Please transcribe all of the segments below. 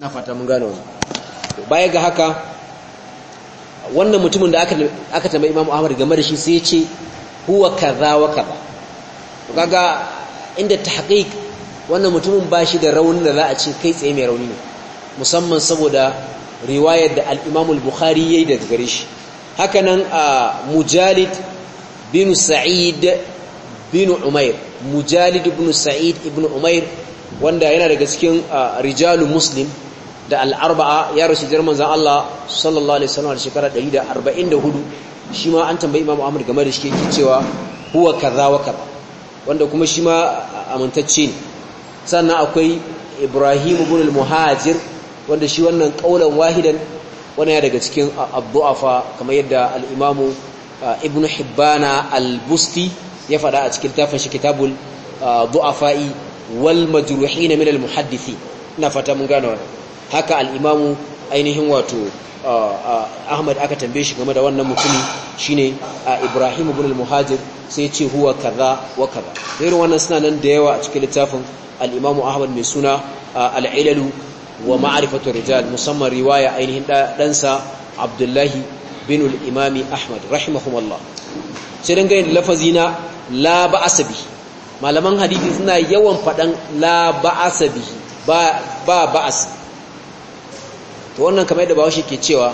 na fata mun gane baya ga haka wannan mutumin da aka aka tambayi Imam Ahmad game da shi sai ce huwa kaza wa kaza to kaga inda tahqiq wannan mutumin ba shi da raunin da za a ce kai tsaye mai rauni ne musamman saboda riwayar da al-Imam al-Bukhari yayi daga gare shi hakanan a Mujalid bin Sa'id bin Umair Mujalid bin Sa'id ibn Umair wanda yana daga cikin rijalu Muslim da al'arba'a ya rasu jirman zan Allah sallallahu alaihi wasallam da shekara 144 shi ma an tambayi Imam Ahmad game da shi yake cewa huwa kaza wa kaza wanda kuma shi ma amintacce ne sannan akwai Ibrahim ibn al-Muhajir wanda shi wannan kaulan wahidan wannan ya daga cikin abdu'afa kamar yadda al-Imam uh, Ibn Hibbana al-Busti ya faɗa a cikin tafin shi kitabul uh, du'afa'i wal majruhin min al-muhaddisi ina fata mun gane wannan haka al'imamu ainihin wato ahmad aka tambaye shi game da wannan mutumi shine a ibrahim ibn al-muhajir sai ce huwa kaza wa kaza irin wannan suna nan da yawa a cikin littafin al-imamu ahmad mai suna al-ilalu wa ma'rifatu rijal musamman riwaya ainihin ɗansa abdullahi bin al ahmad rahimahumullah sai dan gani lafazi na la malaman hadisi suna yawan fadan la ba ba to wannan kamar yadda bahaushe ke cewa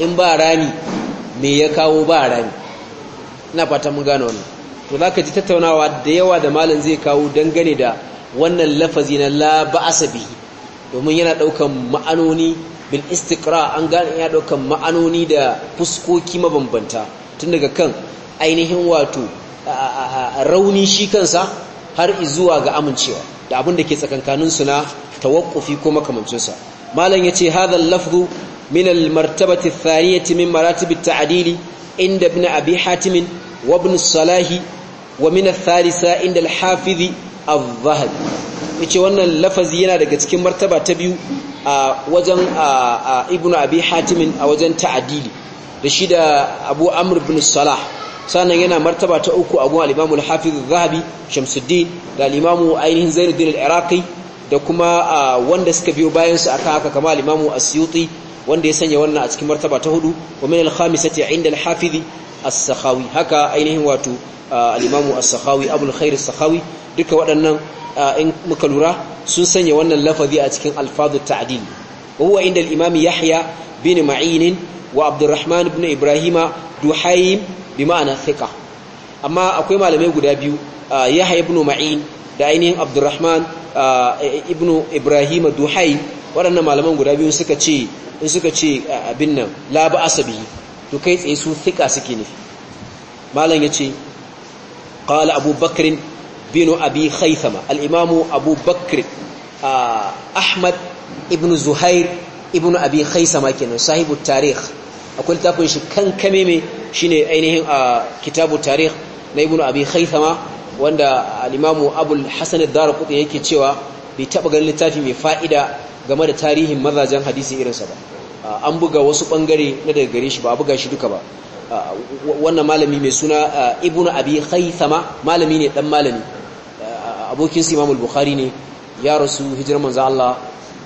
in ba rani me ya kawo ba rani ina fata mun gane wannan to zaka ji tattaunawa da yawa da malam zai kawo dangane da wannan lafazi na la ba'asa bihi domin yana daukan ma'anoni bil istiqra an gane yana daukan ma'anoni da fuskoki mabambanta tun daga kan ainihin wato rauni shi kansa har zuwa ga amincewa da abin da ke tsakankanin su na tawakkufi ko makamancinsa malam ya ce al-lafdhu min al thaniyati min maratibi at-ta'dil inda ibn abi hatim wa ibn salahi wa min ath inda al-hafiz adh yace wannan lafazi yana daga cikin martaba ta biyu a wajen ibn abi hatim a wajen ta'adili da shi da abu amr ibn salah sannan yana martaba ta uku a gun al-imam al-hafiz shamsuddin da al-imam ainihin zainuddin al-iraqi da kuma wanda suka biyo bayan su akan haka kama limamu imam Asyuti wanda ya sanya wannan a cikin martaba ta hudu wa min al-khamisati inda al-Hafiz as-Sakhawi haka ainihin wato al-Imam as-Sakhawi Abul Khair as-Sakhawi duka waɗannan in muka lura sun sanya wannan lafazi a cikin alfadhu ta'dil wa huwa inda al-Imam Yahya bin Ma'in wa Abdurrahman ibn Ibrahima Duhaim bi ma'ana thiqa amma akwai malamai guda biyu Yahya ibn Ma'in da ainihin abdurrahman e, e, ibnu ibrahim duhai waɗannan malaman guda biyu suka ce in suka ce abin nan la ba asabi to kai tsaye su thika suke ne malam yace qala abubakar bin abi khaythama Al'imamu imam abubakar ahmad ibn zuhair ibn abi khaythama kenan sahibu tarikh akwai littafin shi kan kame mai shine ainihin kitabu tarikh na Ibnu abi khaythama wanda alimamu abul hassan dara darqutni yake cewa bai taba ganin littafi mai fa'ida game da tarihin mazajen hadisi irinsa ba an buga wasu bangare na daga gare shi ba a buga shi duka ba wannan malami mai suna eh, ibnu abi khaythama malami ne dan malami eh, abokin su imamul bukhari ne ya rasu hijirar manzo Allah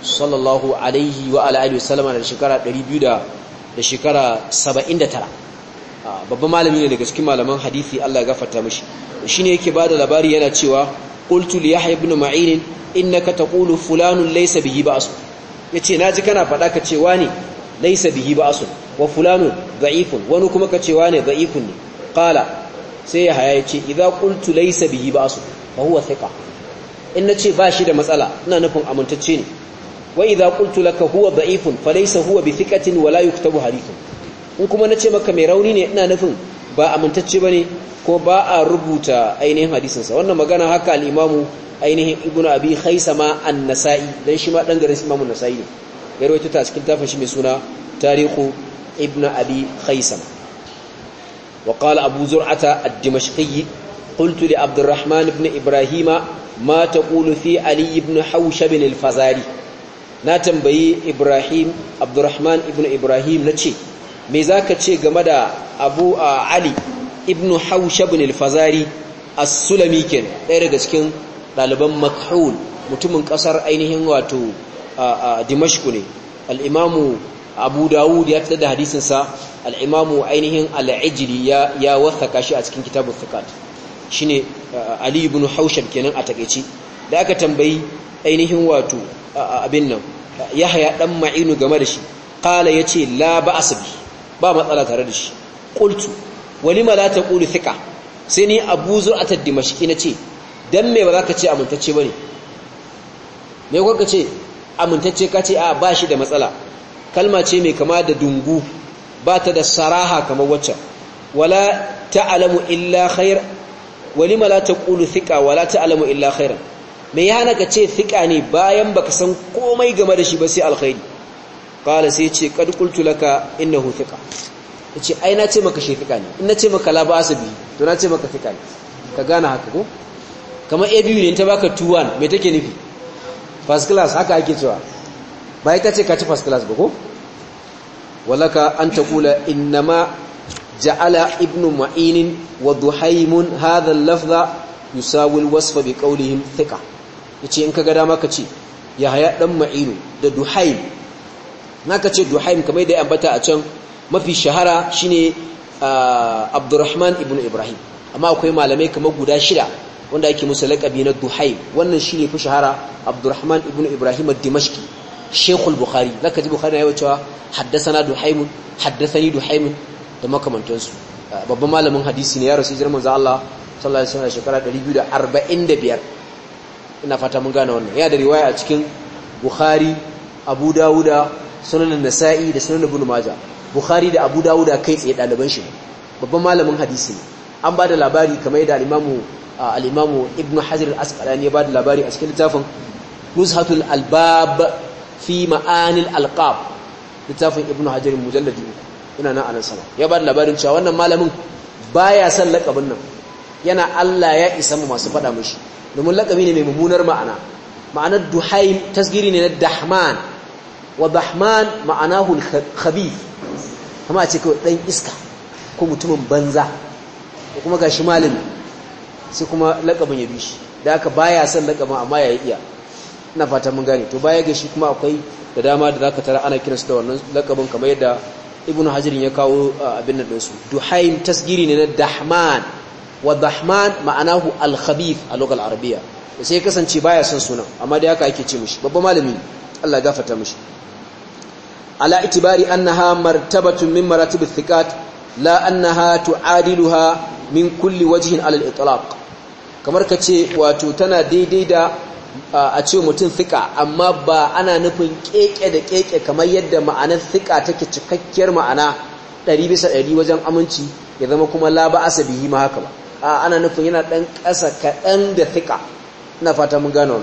sallallahu alaihi wa alihi wasallam da shekara 200 da shekara 79 Ah, babban malami ne daga cikin malaman hadisi Allah ya gafarta mishi shine yake bada labari yana cewa qultu li yahya ibn ma'in innaka taqulu fulanun laysa bihi ba'as yace naji kana faɗa ka cewa ne laysa bihi ba'as wa fulanun da'ifun wani kuma ka ce wani da'ifun ne qala sai ya haya yace idza qultu laysa bihi ba'as fa huwa thiqa in nace ba shi da matsala ina nufin amintacce ne wa idza qultu laka huwa da'ifun fa laysa huwa bi thiqatin wa la yuktabu hadithun in kuma na ce maka mai rauni ne ina nufin ba amintacce ba ne ko ba a rubuta ainihin hadisinsa wannan magana haka al'imamu ainihin ibn abi haisama an-nasa'i dan shi ma dan garin imamu nasa'i ne ya rawaito ta cikin tafin shi mai suna tarihu ibn abi haisama wa abu zur'ata ad-dimashqi qultu abdurrahman ibn ibrahima ma taqulu fi ali ibn fazari na tambayi ibrahim abdurrahman ibn ibrahim ce. me za ka ce game da abu a ali ibn haushabin alfazari a sulamikin ɗaya daga cikin ɗaliban makhul mutumin ƙasar ainihin wato a dimashku ne al'imamu abu dawud ya fitar da hadisinsa al'imamu ainihin al'ajiri ya wathaka shi a cikin kitabun fukat shi ne ali ibn haushab kenan a takaici da aka tambayi ainihin wato abin nan ya haya ɗan ma'inu game da shi ƙala ya ce la ba asibi ba matsala tare da shi qultu walima la taqulu thiqa sai ni abu zur'at ad-dimashqi nace dan me ba za ka ce amintacce bane me kuka ce amintacce ka ce a ba shi da matsala kalma ce mai kama da dungu ba ta da saraha kamar waccan wala ta'lamu illa khair walima la taqulu thiqa wala ta'lamu illa khairan me yana ka ce thiqa ne bayan baka san komai game da shi ba sai alkhairi qala sai yace qad qultu laka innahu thiqa yace ai na ce maka shi thiqa ne in na ce maka la ba asabi to na ce maka thiqa ne ka gane haka ko kamar abu ne ta baka 21 me take nufi first class haka ake cewa ba ta ce ka ci first class ba ko walaka an taqula innama ja'ala ibnu ma'in wa duhaymun hadha al-lafza yusawi al-wasfa bi qawlihim thiqa yace in kaga dama ka ce yahya dan ma'inu da duhaym naka ce duhaim kamar da ya ambata a can mafi shahara shine abdurrahman ibn ibrahim amma akwai malamai kamar guda shida wanda ake musu laƙabi na duhaim wannan shine fi shahara abdurrahman ibn ibrahim ad-dimashqi shaykhul bukhari zaka ji bukhari yayi cewa haddathana duhaim haddathani duhaim da makamantansu babban malamin hadisi ne ya rasu jirman za Allah sallallahu alaihi wasallam shekara 245 ina fata mun gane wannan ya da riwaya a cikin bukhari abu dauda sunan nasa'i da sunan ibn majah bukhari da abu dawuda kai tsaye daliban shi babban malamin hadisi ne an ba da labari kamar da al-imamu al-imamu ibn hajar al-asqalani ya ba da labari a cikin littafin nuzhatul albab fi ma'anil alqab littafin ibn hajar mujalladi ina nan anan sama ya ba da labarin cewa wannan malamin baya son lakabin nan yana Allah ya isa mu masu faɗa mishi domin lakabi ne mai mummunar ma'ana ma'anar duhaim tasgiri ne na dahman wa bahman ma'anahu kuma a ce kawai dan iska ko mutumin banza ko kuma gashi malami sai kuma lakabin ya bi da aka baya son lakabin amma ya iya ina fata mun gane to baya gashi kuma akwai da dama da zaka tara ana kiransu da wannan lakabin kamar yadda ibn hajirin ya kawo abin nan dinsu duhaim tasgiri ne na dahman wa dahman ma'anahu al a lokal arabiya sai kasance baya son sunan amma da haka ake ce mishi babban malami Allah ya gafarta mishi A la itibari annaha martabatun min maratib thiqat la annaha tu'adiluha min kulli wajhin ala al-itlaq kamar kace wato tana daidai da a ce mutum thika amma ba ana nufin ƙeƙe da keke kamar yadda ma'anar thika take cikakkiyar ma'ana 100 bisa ɗari wajen aminci ya zama kuma la ba asabihi ma haka ba ana nufin yana dan ƙasa kaɗan da thika ina fata mun gano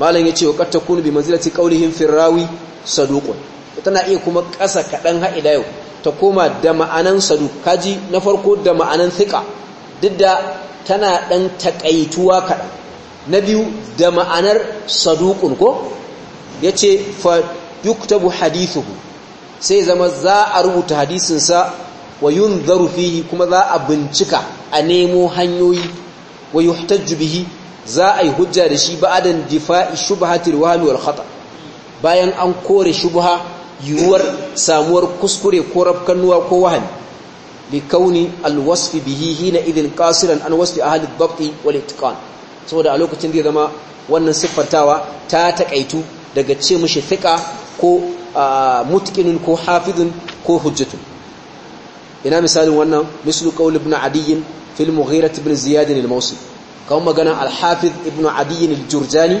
malam yace wa qad takunu bi manzilati qawlihim fi rawi saduqun tana iya kuma ƙasa kaɗan ha'ida yau ta koma da ma'anan sadu kaji na farko da ma'anan thika duk da tana ɗan taƙaituwa kaɗan na biyu da ma'anar saduƙun ko ya ce fa yuktabu hadithuhu sai zama za a rubuta hadisinsa wa yun zarufihi kuma za a bincika a nemo hanyoyi wa yuhtajju bihi za a yi hujja da shi ba'adan difa'i shubhatil wahmi wal khata bayan an kore shubha yiwuwar samuwar kuskure ko rafkannuwa ko wahani li kauni alwasf bihi hina idin qasiran an wasfi ahli ad-dabt wal itqan saboda a lokacin zai zama wannan siffantawa ta takaitu daga ce mishi thiqa ko mutqinun ko hafizun ko hujjatun ina misalin wannan mislu kaul ibn adiy fil mughirah ibn ziyad al-mawsi kawai magana al-hafiz ibn adiy al-jurjani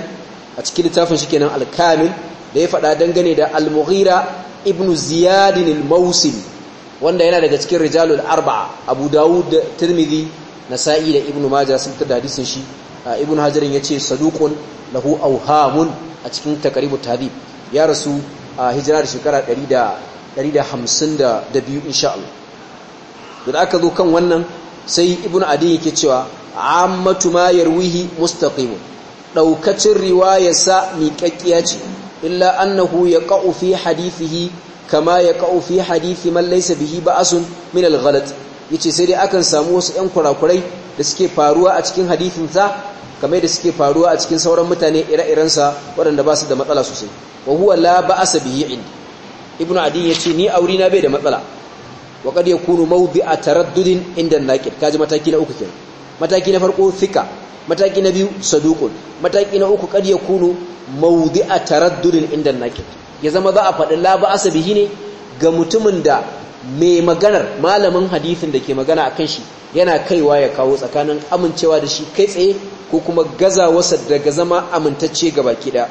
a cikin littafin shi kenan al-kamil da ya faɗa dangane da al-mughira ibn ziyad al wanda yana daga cikin rijalul arba'a abu dawud da tirmidhi nasa'i da ibn majah sun tada hadisin shi ibn hajarin yace saduqun lahu awhamun a cikin taqribut tahdhib ya rasu a hijira da shekara 152 insha Allah da aka zo kan wannan sai ibn adi yake cewa ammatu ma yarwihi mustaqim daukacin riwayarsa miƙaƙƙiya ce illa annahu yaqa'u fi hadithihi kama ya ka'ufi hadithi man laysa bihi ba'sun minal al-ghalat yace sai dai akan samu wasu ɗan kurakurai da suke faruwa a cikin hadithin sa da suke faruwa a cikin sauran mutane ire-iren sa waɗanda ba su da matsala sosai wa huwa la ba'sa bihi indi ibnu adi yace ni auri na bai da matsala wa qad yakunu mawdi'a taraddudin inda naqid kaji mataki na uku kenan mataki na farko thika mataki na biyu saduqun mataki na uku qad yakunu a taraddudin inda naqid ya zama za a faɗi labu asabihi ne ga mutumin da mai maganar malamin hadisin da ke magana akan shi yana kaiwa ya kawo tsakanin amincewa da shi kai tsaye ko kuma gazawarsa daga zama amintacce ga baki da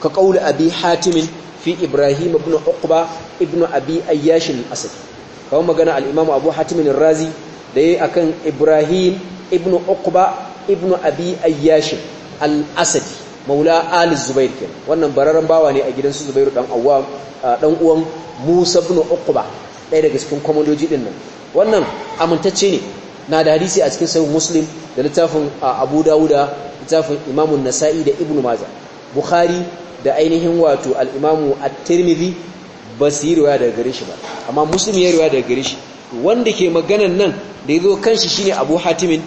ka kauli abi hatimin fi ibrahim ibn uqba ibn abi ayyash al-asadi kawo magana al-imam abu hatimin razi da yayi akan ibrahim ibn uqba ibn abi ayyash al-asadi maula ali zubair ke wannan bararren bawa ne a gidan su zubairu dan dan uwan musa ibn uqba ɗaya daga cikin komandoji din nan wannan amintacce ne na da hadisi a cikin sahih muslim da littafin abu dawuda littafin imamun nasa'i da ibnu maza bukhari da ainihin wato al-imamu at-tirmidhi ba su yi riwaya daga gare shi ba amma muslim ya riwaya daga gare shi wanda ke maganan nan da zo yazo shi ne abu hatimin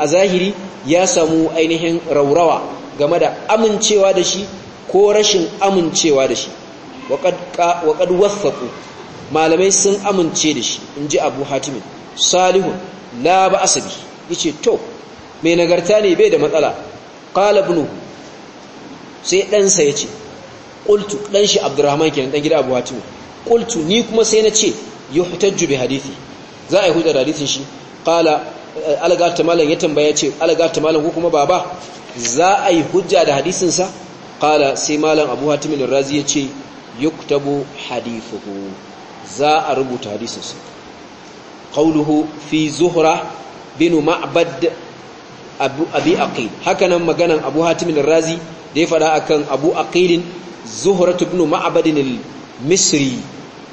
a zahiri ya samu ainihin raurawa game da amincewa da shi ko rashin amincewa da shi waƙad wasaku malamai sun amince da shi in ji abu hatimin salihun la ba asabi ya ce to mai nagarta ne bai da matsala ƙalabinu sai ɗansa ya ce ƙultu ɗan shi abdurrahman kenan ɗan gida abu hatimin ƙultu ni kuma sai na ce yi hutajju bi hadithi za a yi hujjar hadithin shi ƙala algata malam ya tambaya ce algata malam ko kuma baba za a yi hujja da hadisinsa ƙala sai malam abu hatimin razi ya ce yuktabu hadifuhu za a rubuta hadisinsa ƙauluhu fi zuhra binu ma'abad abi aqil hakanan maganan abu hatimin razi da ya faɗa akan abu aqilin zuhratu binu ma'abadin misri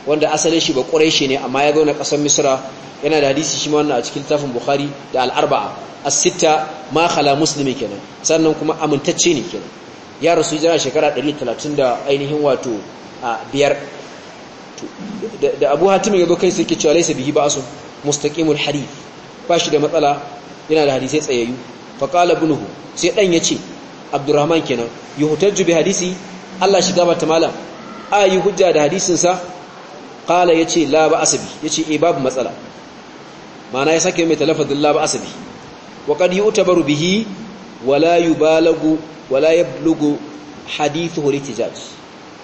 wanda asalin shi ba quraishi ne amma ya zauna kasar misra yana da hadisi shi wannan a cikin tafin bukhari da al'arba'a arbaa as-sitta ma khala muslimi kenan sannan kuma amintacce ne kenan ya rasu jira shekara 130 da ainihin wato biyar da abu hatim ya zo kai sai cewa laysa bihi basu mustaqimul hadith ba shi da matsala yana da hadisai tsayayyu fa qala ibnuhu sai dan yace abdurrahman kenan yuhtaju bi hadisi Allah shi gaba malam malam ayi hujja da hadisin sa qala yace la ba ya yace eh babu matsala mana ya sake mai talafadin la ba asabi wa qad yu'tabaru bihi wala yubalagu wala yablugu hadithu litijaj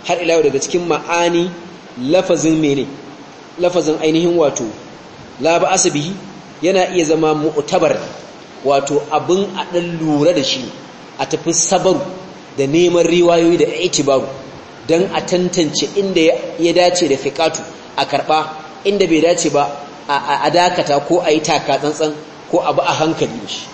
har ila daga cikin ma'ani lafazin mene lafazin ainihin wato la ba yana iya zama mu'tabar wato abin a dan lura da shi a tafi sabaru da neman riwayoyi da itibaru don a tantance inda ya dace da fikatu a karɓa inda bai dace ba a dakata ko a yi taka tsantsan ko abu a hankali shi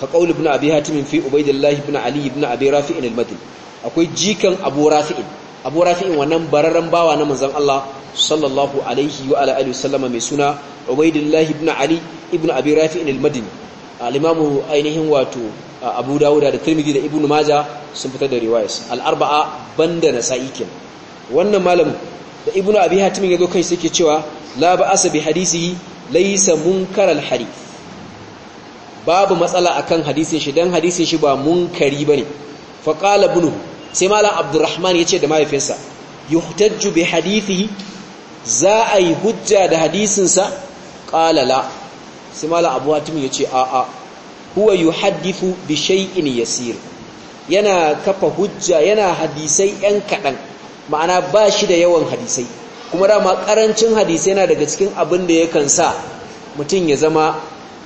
ka ƙauli ibn abi hatimin fi ubaidillahi ibn ali ibn abi rafi'in al-madin akwai jikan abu rafi'in abu rafi'in wannan bararren bawa na manzon Allah sallallahu alaihi wa alihi wasallama mai suna ubaidillahi ibn ali ibn abi rafi'in al madin al-imamu ainihin wato abu dawuda da tirmidhi da ibnu maja sun fitar da riwayas al'arba'a arbaa banda na sa'ikin wannan malam da ibnu abi hatimin ya zo kai suke cewa la asa bi hadisihi laisa munkar al babu matsala akan hadisin shi dan hadisin shi ba munkari ba ne faƙala bunu sai malam abdurrahman ya ce da mahaifinsa yuhtajju bi hadisi za a yi hujja da hadisinsa ƙalala. la sai mala abu hatim ya ce a'a huwa haddifu bi in yasir yana kafa hujja yana hadisai yan kaɗan ma'ana ba shi da yawan hadisai kuma dama karancin hadisai yana daga cikin abin da yakan sa mutum ya zama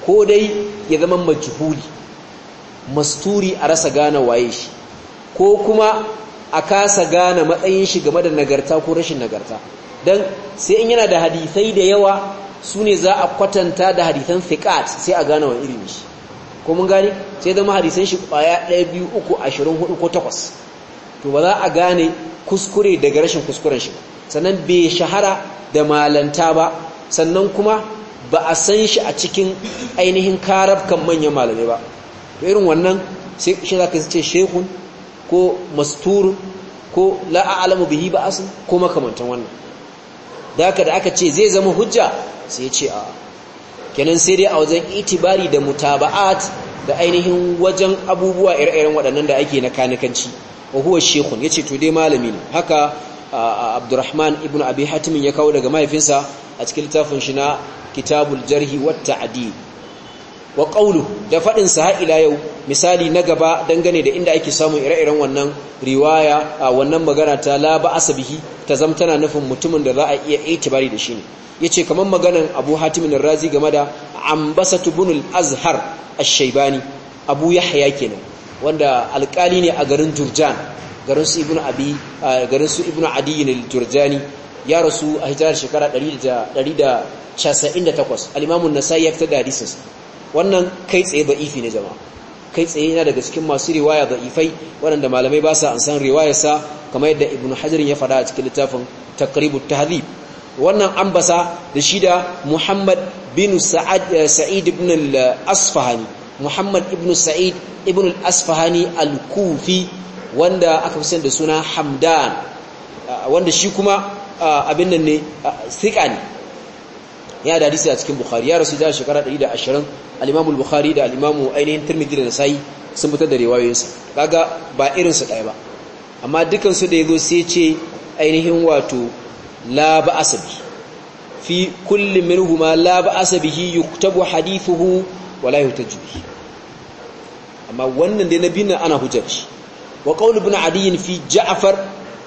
ko dai ya zama majhuli masturi a rasa gane waye shi ko kuma a kasa gane matsayin shi game da nagarta ko rashin nagarta don sai in yana da hadisai da yawa su ne za a kwatanta da hadithan fiƙat sai a gane wa irin shi ko mun gane sai zama hadisan shi ƙwaya ɗaya biyu uku ashirin hudu ko takwas to ba za a gane kuskure daga rashin kuskuren shi sannan bai shahara da malanta ba sannan kuma ba a san shi a cikin ainihin karabkan manyan malamai ba to irin wannan sai shi ka ce shehun ko masturun ko la a'lamu bihi ba asin ko makamantan wannan da haka da aka ce zai zama hujja sai ce a kenan sai dai a wajen itibari da mutaba'at da ainihin wajen abubuwa ire-iren waɗannan da ake na kanikanci wa huwa ya ce to dai malami ne haka Abdurrahman ibn Abi hatimin ya kawo daga mahaifinsa a cikin littafin shi na Kitabul Jarhi wata adi. wa qawlu da fadin sa ila yau misali na gaba dangane da inda ake samun ire-iren wannan riwaya a wannan magana ta laba ba asabihi ta zamtana nufin mutumin da za a iya itibari da shi ne yace kamar maganan Abu Hatim ar-Razi game da ambasatu bunul azhar ashaibani shaybani Abu Yahya kenan wanda alƙali ne a garin turjan garin su Ibn Abi garin ya rasu a hijirar shekara 198 al nasa an-Nasa'i ya fita da hadisin wannan kai tsaye da'ifi ne jama'a kai tsaye yana daga cikin masu riwaya da'ifai waɗanda malamai ba sa an san riwayarsa kamar yadda Ibn Hajar ya faɗa a cikin littafin Taqribut Tahdhib wannan ambasa da shi da muhammad bin eh, sa'id ibn al-asfahani muhammad ibn sa'id ibn al-asfahani al-kufi wanda aka fi da suna hamdan ah, wanda shi kuma ah, abin nan ne siƙa ah, ne ya da hadisi a cikin bukhari ya rasu da shekara 120 al al bukhari da al imam ainihin tirmidhi da nasai sun fitar da riwayoyinsa kaga ba irin su ɗaya ba amma dukansu da ya zo sai ce ainihin wato la ba'asa bi fi kulli minhuma la ba'asa bihi yuktabu hadithuhu wa la yuhtaju amma wannan da nabi na ana hujjar shi wa qaul ibn adi fi ja'far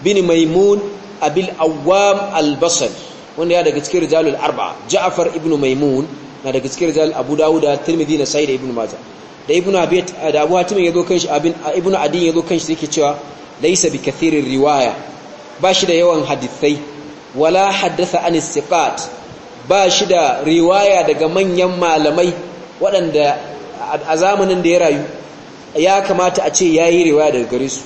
bin maimun abil awwam al-basri wanda ya daga cikin rijalul arba'a ja'far ibn maimun na daga cikin rijal abu dawuda tirmidhi na sa'id ibn majah da ibnu abid da abu hatim yazo kanshi abin Ibn adi yazo kanshi yake cewa laysa bi kathirir riwaya bashi da yawan hadithai wala haddasa an istiqat ba shi da riwaya daga manyan malamai waɗanda a zamanin da ya rayu ya kamata a ce ya yi riwaya daga gare su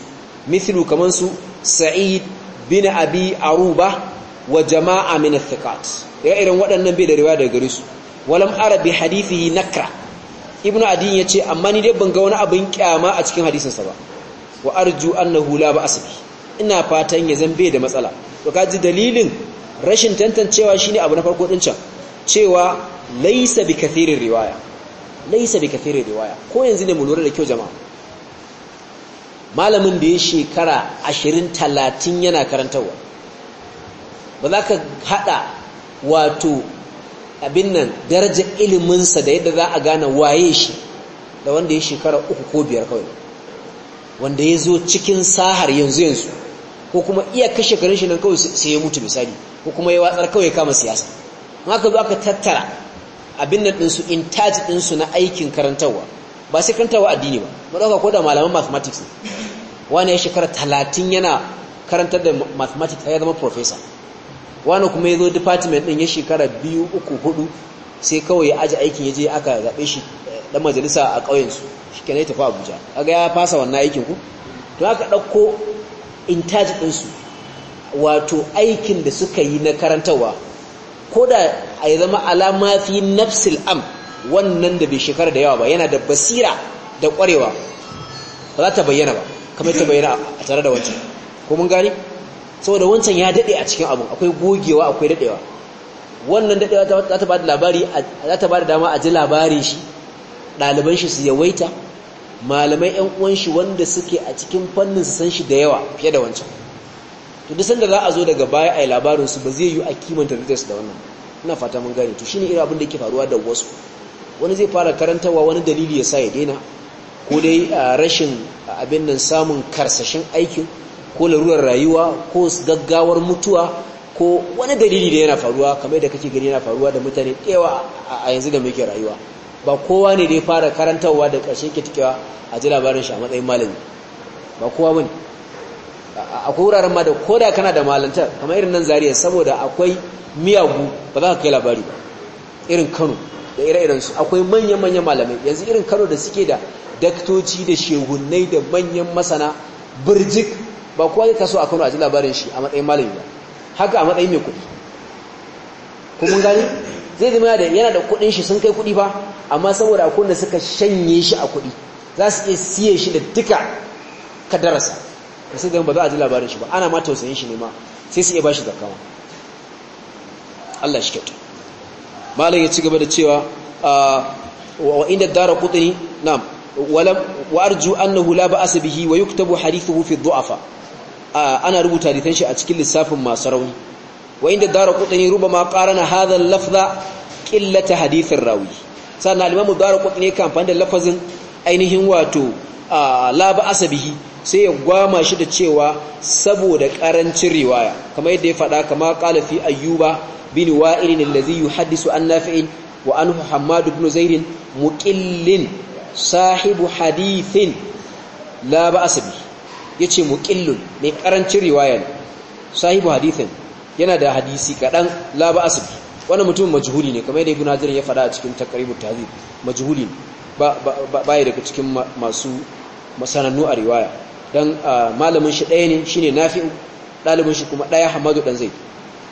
mithlu kaman su sa'id bin abi aruba wa jama'a min al-thiqat ya irin waɗannan bai da riwaya daga gare su walam arabi hadithi nakra ibnu adin ce amma ni dai ban ga wani abin kyama a cikin hadisinsa ba wa arju annahu la asbi ina fatan ya zan bai da matsala to kaji dalilin rashin tantancewa shine abu na farko din can cewa laysa bi kathirin riwaya laysa bi kathirin riwaya ko yanzu ne mu lura da kyau jama'a malamin da ya shekara 20 talatin yana karantarwa ba za ka hada wato abin nan daraja iliminsa da yadda za a gane waye shi da wanda ya shekara uku ko biyar kawai wanda ya zo cikin sahar yanzu yanzu ko kuma iya kashe karin shi nan kawai sai ya mutu misali ko kuma ya watsar kawai kama siyasa amma ka zo aka tattara abin nan ɗinsu intaji ɗinsu na aikin karantarwa ba sai karantarwa addini ba mu ɗauka ko da malaman mathematics ne wani ya shekara talatin yana karantar da mathematics ya zama professor wani kuma ya zo department ɗin ya shekara biyu uku hudu sai kawai ya aji aikin ya je aka zaɓe shi eh, ɗan majalisa a ƙauyensu shi kenan ya tafi abuja aga ya fasa wannan aikin ku to aka ɗauko intaj ɗinsu wato aikin da suka yi na karantarwa ko da a yi zama alama fi nafsil am wannan da bai shekara da yawa ba yana da basira da ƙwarewa ba za ta bayyana ba kamar ta bayyana a tare da wancan ko mun gani saboda wancan ya daɗe a cikin abu akwai gogewa akwai daɗewa wannan daɗewa za ta ba da dama a ji labari shi ɗaliban shi su yawaita malamai yan uwan shi wanda suke a cikin fannin su san shi da yawa fiye da wancan to duk sanda za a zo daga baya a labarin su ba zai yi a kimanta readers da wannan ina fata mun gane to shine irin abin da yake faruwa da wasu wani zai fara karantawa wani dalili ya sa ya daina ko dai rashin abin nan samun karsashin aikin ko larurar rayuwa ko gaggawar mutuwa ko wani dalili da yana faruwa kamar da kake gani yana faruwa da mutane da a yanzu da muke rayuwa ba kowa ne da ya fara karantarwa da ƙarshe ke tikewa a ji labarin shi a matsayin malami ba kowa wani akwai wuraren ma da koda kana da malantar kamar irin nan zariya saboda akwai miyagu ba za ka kai labari ba irin kano da ire-iren su akwai manyan-manyan malamai yanzu irin kano da suke da daktoci da shehunai da manyan masana birjik ba kowa ya kaso a kano a ji labarin shi a matsayin malami ba haka a matsayin mai kuɗi kuma gani zai zama da yana da kuɗin shi sun kai kuɗi ba amma saboda akwai da suka shanye shi a kuɗi za su iya siye shi da duka kadararsa da sai ba za a ji labarin shi ba ana ma tausayin shi ne ma sai su iya ba shi zakama Allah shi kyautu malam ya ci gaba da cewa ah, wa inda dara kutuni na'am wa arju annahu la ba'asa bihi wa yuktabu hadithuhu fi dhu'afa ah, ana rubuta hadisan shi a cikin lissafin masu rauni wa inda daraqutni ruba qarana hadha al-lafza qillata hadith ar-rawi sannan al-imam daraqutni kan da lafazin ainihin wato la ba asabihi sai ya gwama shi da cewa saboda karancin riwaya kamar yadda ya faɗa kama qala fi ayyuba bin wa'il allazi yuhaddisu an nafi'in wa anhu hammad ibn zair muqillin sahibu hadithin la ba asabihi yace muqillun mai karancin riwaya sahibu hadithin yana da hadisi kaɗan la ba wani wannan mutum majhuli ne kamar yadda ibn hajar ya fada a cikin taqribut tahzib majhuli ne ba ba daga cikin masu masanannu a riwaya dan malamin shi daya ne shine nafi'u dalibin shi kuma daya hamadu dan zai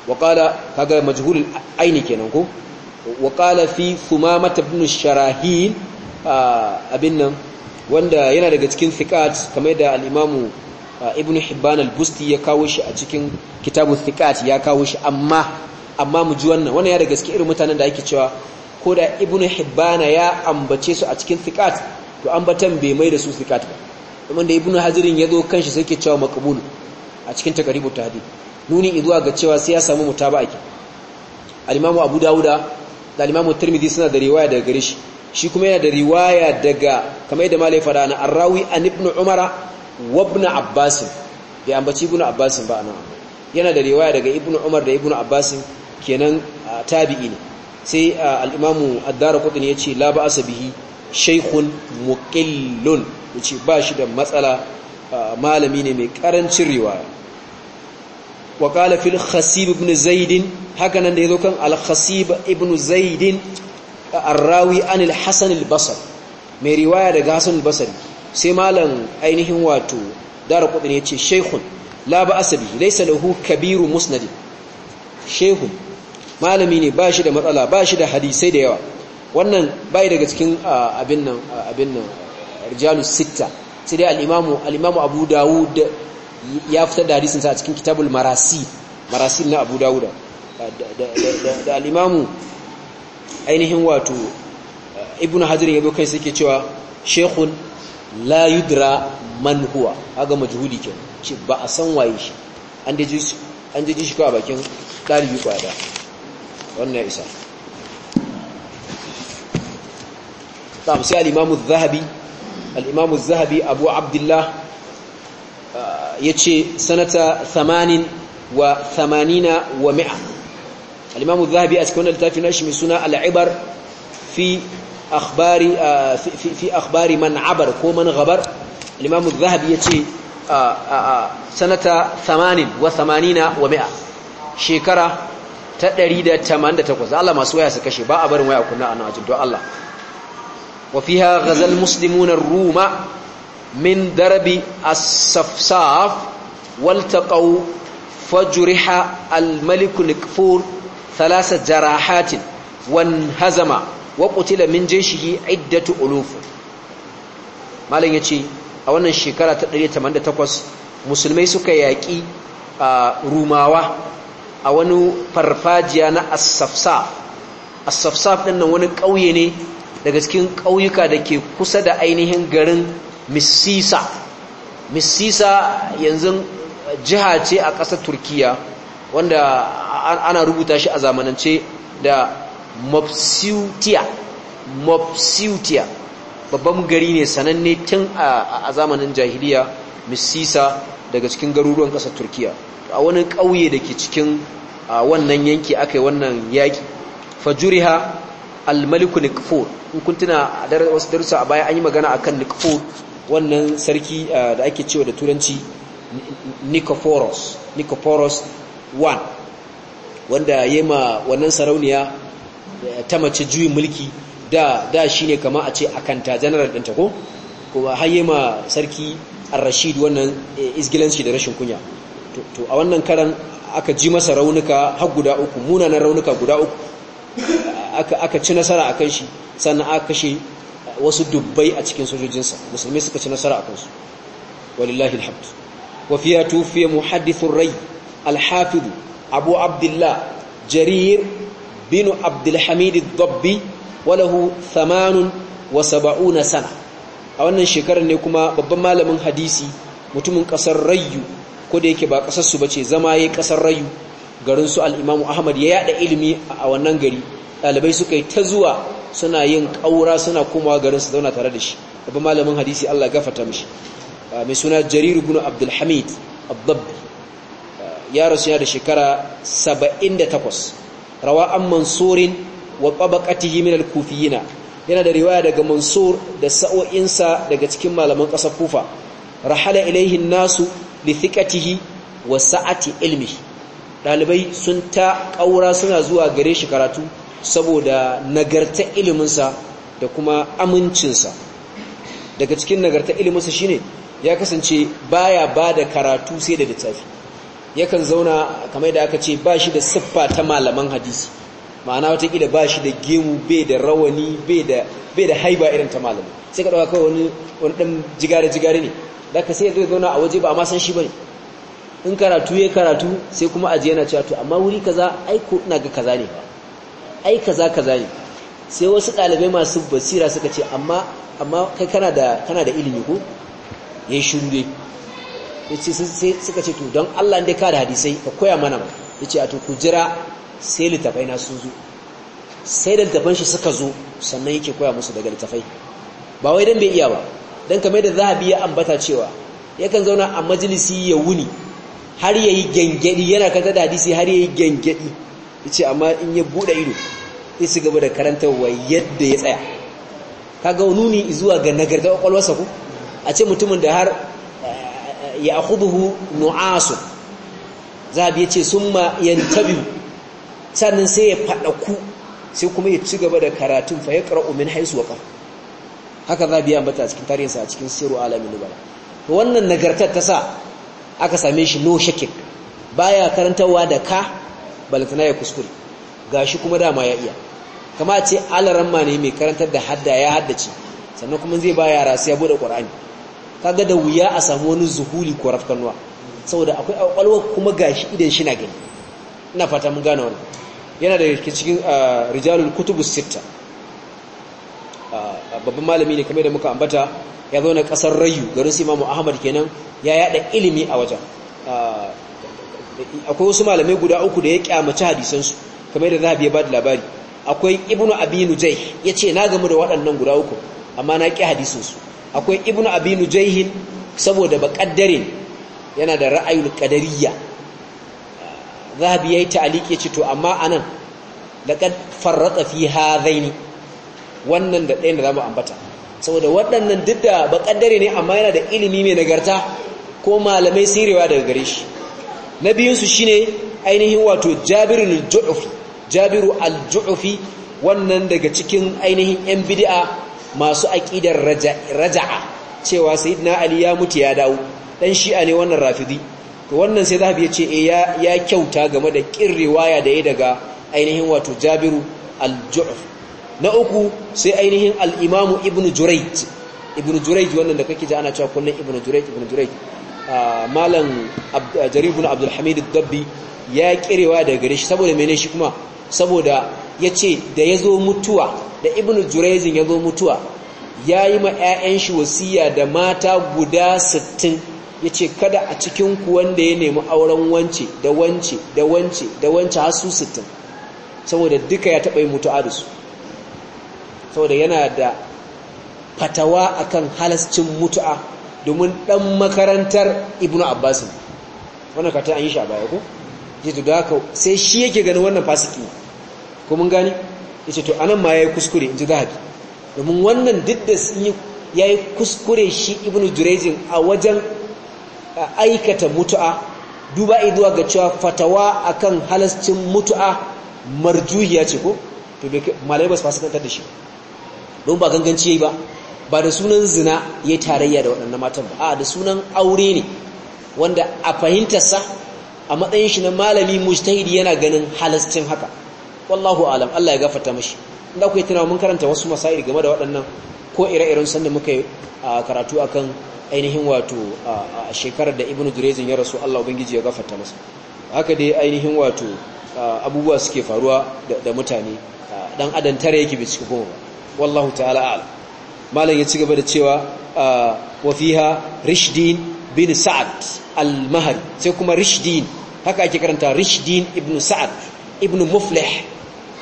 wa qala kaga majhulul aini kenan ko wa qala fi mata ibn sharahin abin nan wanda yana daga cikin thiqat kamar da al Uh, ibn hibban al-busti ya kawo shi a cikin kitabu thiqat ya kawo shi amma amma mu ji wannan wannan ya da gaske irin mutanen da ake cewa ko da ibn hibban ya ambace su a cikin thiqat to ambatan bai mai da su thiqat ba kuma da ibn hazirin ya zo kanshi sai ke cewa maqbul a cikin taqribut tahdid nuni zuwa ga cewa sai ya samu mutaba'a al-imamu abu dauda da al-imamu tirmidhi suna da riwaya daga gare shi shi kuma yana da riwaya daga kamar yadda malai fara na arrawi an ibn umara wabna abbasin bai ambaci ibnu abbasin ba anan yana da riwaya daga Ibn umar da Ibn abbasin kenan tabi'i ne sai al addara ad ya yace la ba'asa bihi shaykhun muqillun ba shi da matsala malami ne mai karancin riwaya wa qala fil khasib ibn zaid haka nan da yazo kan al-khasib ibn zaid ar-rawi hasan al-basri mai riwaya daga hasan al-basri sai malam ainihin wato dara kudin ya ce shehun la ba asabi laisa lahu kabiru musnadin shehun malami ne ba shi da matsala ba shi da hadisai da yawa wannan bai daga cikin abin nan abin nan sitta sai dai al-imamu abu dawud ya fita da hadisin sa a cikin kitabul marasi marasi na abu dawud da al-imamu ainihin wato ibnu hajar yabo kai suke cewa shekhun. la yudra man huwa aga majhuli kenan ce ba a san waye shi an daji shi kawai bakin dalibi kwada wannan ya isa tam sai al-imam zahabi al-imam zahabi abu abdullah uh, ce sanata 80 wa 80 wa 100 al-imam zahabi a cikin littafin shi mai suna al fi akhbari fi akhbari man abar ko man ghabar al-imam az-zahabi yace sanata 80 wa 80 wa 100 shekara ta 188 Allah masu waya su kashe ba barin waya kunna a najin don Allah wa fiha ghazal muslimuna ruma min darbi as-safsaf waltaqaw fajriha al-malik وانهزم wa qutila min jayshihi iddatu uluf malam yace a wannan shekara ta 188 musulmai suka yaki rumawa a wani farfajiya na as-safsaf as din nan wani ƙauye ne daga cikin ƙauyuka da ke kusa da ainihin garin Missisa Missisa yanzu jiha ce a ƙasar Turkiya wanda ana rubuta shi a zamanance da mafsiutiya mafsiutiya babban gari ne sananne tun a zamanin jahiliya misisa daga cikin garuruwan ƙasar turkiya a wani ƙauye da ke cikin wannan yanki aka yi wannan yaƙi fajuriha almaliku nikfor hukuntuna a wasu darussa a baya an yi magana a kan nikfor wannan sarki da ake cewa da turanci nikoforos nikophoros 1 wanda ya yi ma wannan sarauniya ta mace juyin mulki da da shine kama a ce akanta general ɗinta ko kuma haye ma sarki ar-rashid wannan eh, isgilanci da rashin kunya to a wannan karan aka ji masa raunuka har guda uku munanan raunuka guda uku aka ci nasara akan shi sannan aka kashe wasu dubbai a cikin sojojinsa musulmai suka ci nasara akan su walillahi alhamd wa fiya tufiya muhaddithur rai al abu abdullah jarir بن عبد الحميد الضبي وله ثمان وسبعون سنة a wannan shekarar ne kuma babban malamin hadisi mutumin kasar rayu ko da yake ba kasar su ba ce zama yayin kasar rayu garin su al-Imam Ahmad ya yada ilimi a wannan gari dalibai suka yi ta zuwa suna yin kaura suna komawa garin su zauna tare da shi babban malamin hadisi Allah gafarta mishi mai suna Jarir binu Abdul Hamid ad ya rasu ya da shekara 78 rawa an mansurin wa tabaqatihi min al-kufiyina yana da riwaya daga mansur da sa'o'insa daga cikin malaman ƙasar kufa rahala ilaihin nasu li thiqatihi wa sa'ati ilmi dalibai sun ta ƙaura suna zuwa gare shi karatu saboda nagarta iliminsa da kuma amincinsa daga cikin nagarta iliminsa shine ya kasance baya ba da karatu sai da littafi yakan zauna kamar da aka ce ba shi da siffa ta malaman hadisi ma'ana watakila ba shi da gemu bai da rawani bai da haiba irin ta malami sai ka ɗauka kawai wani ɗan jigare-jigare ne da ka sai zai zauna a waje ba a masan shi ba ne in karatu ya karatu sai kuma aji yana cewa to amma wuri kaza ai ko ina ga kaza ne ba ai kaza kaza ne sai wasu ɗalibai masu basira suka ce amma amma kai kana da kana da ilimi ko yayi shiru dai yace sai suka ce to don Allah dai ka da hadisai ka koya mana ba yace a to ku jira sai littafai na sun zo sai da littafan shi suka zo sannan yake koya musu daga littafai ba wai don bai iya ba don kamar da za zahabi ya ambata cewa yakan zauna a majalisi ya wuni har yayi gengedi yana kanta da hadisi har yayi ya yace amma in ya buɗe ido sai su gaba da wa yadda ya tsaya ka ga nuni zuwa ga nagarta kwakwalwarsa ku a ce mutumin da har ya akhudhu nu'asu zabi yace summa yantabi sannan sai ya fada ku sai kuma ya ci gaba da karatun fa yaqra'u min haisu waqa haka zabi ya ambata cikin tarihinsa a cikin siru alamin nubala wannan nagartar ta sa aka same shi no shakik baya karantawa da ka balantana ya kuskure gashi kuma dama ya iya kama ce alaran ma ne mai karantar da hadda ya haddace sannan kuma zai ba yara sai ya bude qur'ani kaga da wuya a samu wani zuhuli ko rafkanuwa saboda akwai kwakwalwa kuma gashi idan shi na gani ina fata mun gane wani yana da cikin ah, rijalul kutubu sitta ah, babban malami ne kamar da muka ambata ya zo na kasar rayu garin su imamu ahmad kenan ya yada ilimi a wajen ah, akwai wasu malamai guda uku da ya kyamaci hadisansu kamar da zahabi ya ba da labari akwai ibnu abinu jai ya ce na gamu da waɗannan guda uku amma na ƙi hadisinsu akwai ibnu abi nujayhin saboda kaddare yana da ra'ayul qadariyya zahabi yayi ta'liq yace to amma anan laqad farrata fi hadaini wannan da ɗayan da zamu ambata saboda waɗannan duk da kaddare ne amma yana da ilimi mai nagarta ko malamai sirewa daga gare shi na su shine ainihin wato jabiru al-ju'fi jabiru al-ju'fi wannan daga cikin ainihin yan bid'a masu aƙidar raja'a cewa sayyidina ali ya mutu ya dawo dan shi'a ne wannan rafidi to wannan sai zahabi ya ce eh, ya kyauta game da ƙin riwaya da ya daga ainihin wato jabiru al-ju'f na uku sai ainihin al-imamu ibnu jurayj ibnu jurayj wannan da kake ji ana cewa kullun ibnu jurayj ibnu jurayj ah, malam jaribun abdul dabbi ya kirewa daga gare shi saboda menene shi kuma saboda ya ce da ya zo mutuwa da ibn jurezin ya zo mutuwa ya yi ma 'ya'yan shi wasiya da mata guda sittin ya ce kada a cikinku wanda ya nemi auren wance da wance da wance da wance har sittin saboda duka ya taɓa yi mutu'a da su saboda yana da fatawa akan halascin mutu'a domin ɗan makarantar ibn abbasin wannan kata an yi shi a baya ko? sai shi yake ganin wannan fasiki ko mun gani ce to anan ma ya yi kuskure in inji zahabi domin wannan duk da yi kuskure shi ibn jurejin a wajen aikata mutu'a duba izuwa ga cewa fatawa akan halascin mutu'a marjuhiya ce ko to malai ba su fasikantar da shi don ba ganganci yi ba ba da sunan zina yayi tarayya da waɗannan matan ba a da sunan aure ne wanda a fahimtarsa a matsayin shi na malami mujtahidi yana ganin halascin haka wallahu alam Allah ya gafarta mishi inda ku yi mun karanta wasu masail game da waɗannan ko ire-iren sanda muka yi karatu akan ainihin wato a shekarar da ibnu durezin ya rasu Allah ubangiji ya gafarta masa haka dai ainihin wato abubuwa suke faruwa da mutane dan adam tare yake bi cikin goma wallahu ta'ala a'lam malam ya cigaba da cewa wa fiha rishdin bin sa'ad al-mahri sai kuma rishdin haka ake karanta rishdin ibnu sa'ad ibnu muflih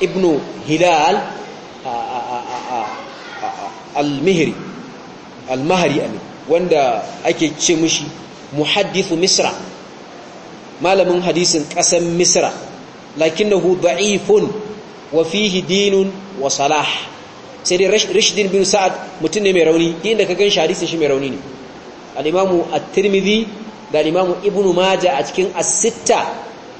ibnu hilal al wanda ake ce mushi muhaddithu misra malamin hadisin kasan misra lakinnahu da'ifun wa fihi dinun wa salah sai dai rashdin bin sa'ad mutum ne mai rauni inda ka gan shi hadisin shi mai rauni ne al-imamu at da al ibnu maja a cikin as-sitta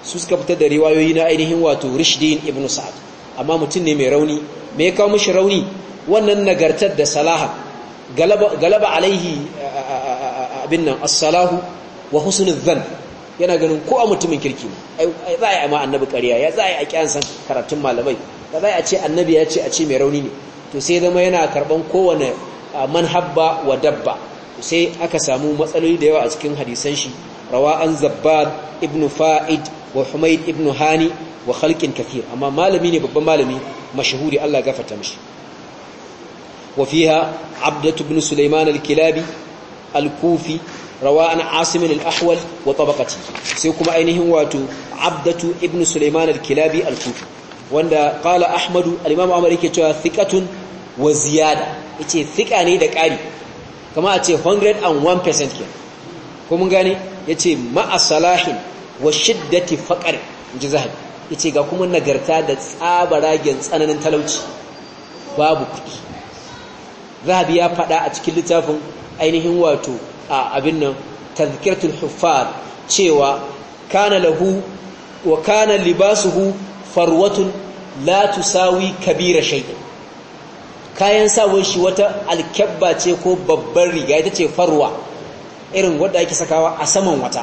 su suka fitar da riwayoyi na ainihin wato rishdin ibnu sa'ad amma mutum ne mai rauni me ya kawo mashi rauni wannan nagartar da salaha galaba alaihi abin nan as-salahu wa husnul dhann yana ganin ko a mutumin kirki ne za a yi ma annabi ƙarya ya za a yi a karatun malamai ba za a ce annabi ya ce a ce mai rauni ne to sai zama yana karban kowane manhabba wa dabba sai aka samu matsaloli da yawa a cikin hadisan shi rawa an zabbad ibn fa'id wa humayd ibn hani wa khalqin kathir amma malami ne babban malami mashahuri Allah ya gafarta mishi wa fiha abdatu ibn sulaiman al-kilabi al-kufi rawa an asim al-ahwal wa tabaqati sai kuma ainihin wato abdatu ibn sulaiman al-kilabi al-kufi wanda qala ahmadu al-imam ahmad yake cewa thiqatun wa ziyada yace thiqa ne da ƙari kama a ce 101% kenan ko mun gane yace ma'a salahin wa shiddati faqr inji zahabi yace ga kuma nagarta da tsabaragen tsananin talauci babu kuɗi zahabi ya faɗa a cikin littafin ainihin wato a abin nan tazkiratul huffaz cewa kana lahu wa kana libasuhu farwatun la tusawi kabira shay'in kayan sawon shi wata alkabba ce ko babbar riga ita ce farwa irin wadda ake sakawa a saman wata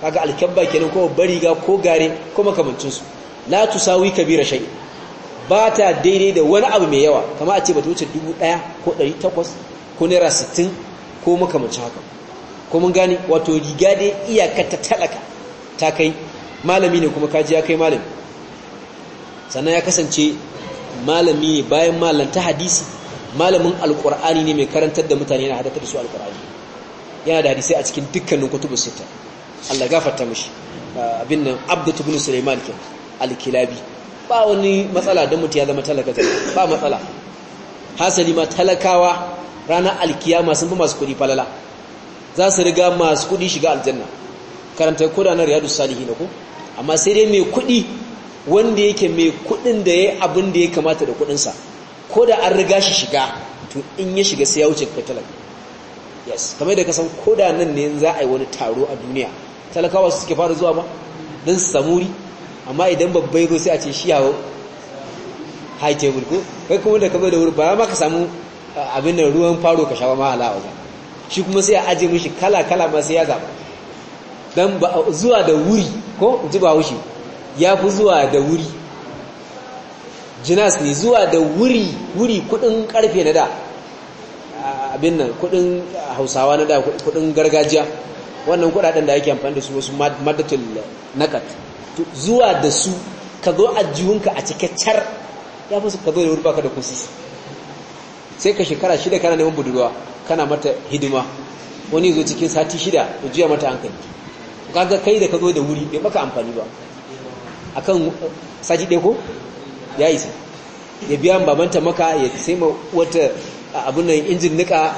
kaga alkabba kenan ko babbar riga ko gare ko makamancinsu la tusawi kabira shay ba ta daidai da wani abu mai yawa kama a ce ba ta wuce 1000 ko 800 ko naira sittin ko makamancin haka ko mun gane wato riga dai iyaka ta talaka ta kai malami ne kuma kaji ya kai malami sannan ya kasance malami ne bayan malam ta hadisi malamin alkur'ani ne mai karantar da mutane yana hadatar da su alkur'ani yana da hadisai a cikin dukkanin kutubus sita Allah gafarta mishi abin nan abdu ibn sulaiman kenan alkilabi ba wani matsala don mutu ya zama talaka ba matsala hasali ma talakawa ranar alkiya sun fi masu kudi falala za su riga masu kudi shiga aljanna karanta da na riyadu salihi na ku amma sai dai mai kudi wanda yake mai kudin da ya abin da ya kamata da kudinsa ko da an riga shi shiga to in ya shiga sai ya wuce kai talaka yes kamar da ka san koda nan ne za a yi wani taro a duniya talakawa su suke fara zuwa ba don samuri amma idan babbai ruwa zo sai a ce shi yawo high table ko kai kuma da kama da wuri ba ma ka samu eh, abin da ruwan faro ka shawa ma halawa ba shi kuma sai a aje mishi kala kala ma sai ya zaba dan ba zuwa da wuri ko ji ba wushi ya fi zuwa da wuri jinas ne zuwa da wuri wuri kudin karfe na da ah, abin nan kudin hausawa na da kudin gargajiya wannan kudaden da ake amfani da su wasu madatul nakat zuwa da su ka zo a jiwunka a cike car ya fi su ka zo da wuri baka da kusi sai ka shekara shida kana neman budurwa kana mata hidima wani zo cikin sati shida da juya mata hankali kaga kai da ka zo da wuri bai maka amfani ba akan uh, sati ɗaya ko ya yi sa ya biya babanta maka ya sai ma wata uh, abin nan injin nika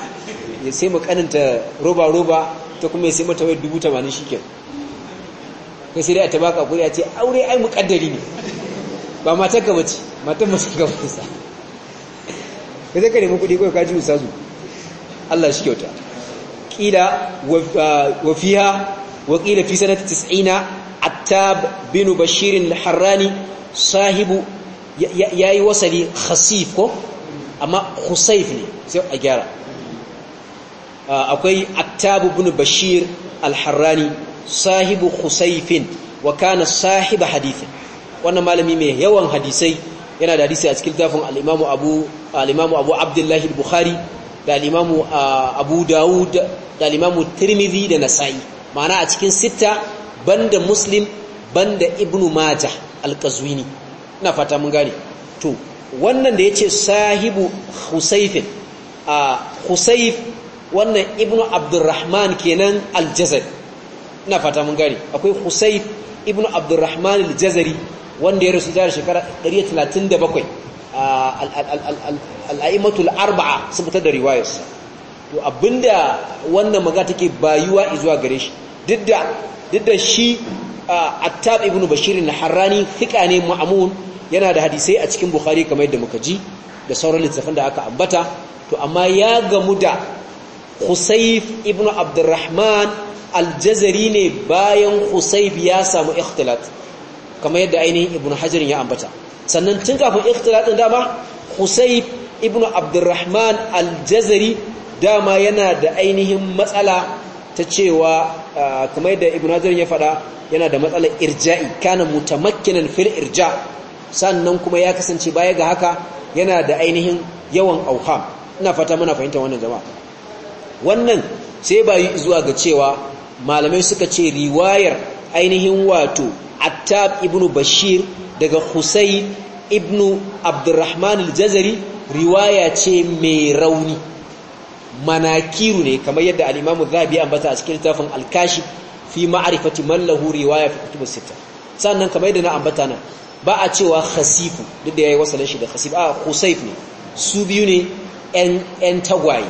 ya sai ma kaninta roba roba ta kuma ya sai mata wai dubu tamanin shi kenan kai sai dai ta baka kuri a ce aure ai muƙaddari ne ba matar ka bace matar mutum ka bace sa ka zai ka nemi kuɗi kawai kaji ustazu Allah shi kyauta qila wa fiha wa qila fi sanata tis'ina attab bin bashirin harrani sahibu yayi wasali khasif ko amma khusayf ne sai a gyara akwai attab bin bashir al-harrani sahibu khusaifin wa kana sahiba hadithin wannan malami mai yawan hadisai yana da hadisi a cikin tafin al-imamu abu al abu abdullahi al-bukhari da alimamu ah, abu dawud da alimamu tirmidhi da nasa'i ma'ana a cikin sitta banda muslim banda ibnu majah al-qazwini ina fata mun gane to wannan da yace sahibu husaifin a ah, husayf wannan ibnu abdurrahman kenan al-jazari ina fata mun gane akwai Husayb ibnu Abdurrahman al-Jazari wanda ya rasu da shekara 137 al-a'immatul arba'a sun fitar da riwayarsa to abinda wannan magana take bayuwa zuwa gare shi didda shi Attab ibnu Bashir al-Harrani fika ne ma'mun yana da hadisai a cikin Bukhari kamar yadda muka ji da sauran littafin da aka ambata to amma ya gamu da Husayf ibnu Abdurrahman aljazari ne bayan husayb ya samu ikhtilat kamar yadda ainihin ibnu hajar ya ambata sannan tun kafin ikhtilat din dama husayb ibnu abdurrahman aljazari dama yana da ainihin matsala ta cewa kamar yadda ibnu hajar ya faɗa yana da matsalar irja'i kana mutamakkinan fil irja sannan kuma ya kasance baya ga haka yana da ainihin yawan auham ina fata muna fahimta wannan jama'a wannan sai ba yi zuwa ga cewa malamai suka ce riwayar ainihin wato attab ibnu bashir daga husayn ibnu abdurrahman aljazari riwaya ce mai rauni manakiru ne kamar yadda al'imamu zabi ambata a cikin littafin alkashi fi ma'arifati mallahu riwaya fi sita sannan kamar yadda na ambata nan ba a cewa khasifu duk da yayi wasalan shi da khasif a khusayf ne su biyu ne yan tagwaye